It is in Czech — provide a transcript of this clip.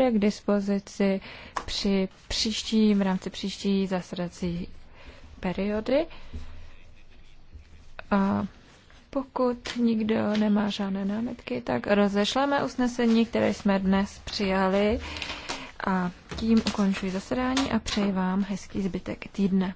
bude k dispozici při příštím, v rámci příští zasedací periody. A pokud nikdo nemá žádné námitky, tak rozešleme usnesení, které jsme dnes přijali. A tím ukončuji zasedání a přeji vám hezký zbytek týdne.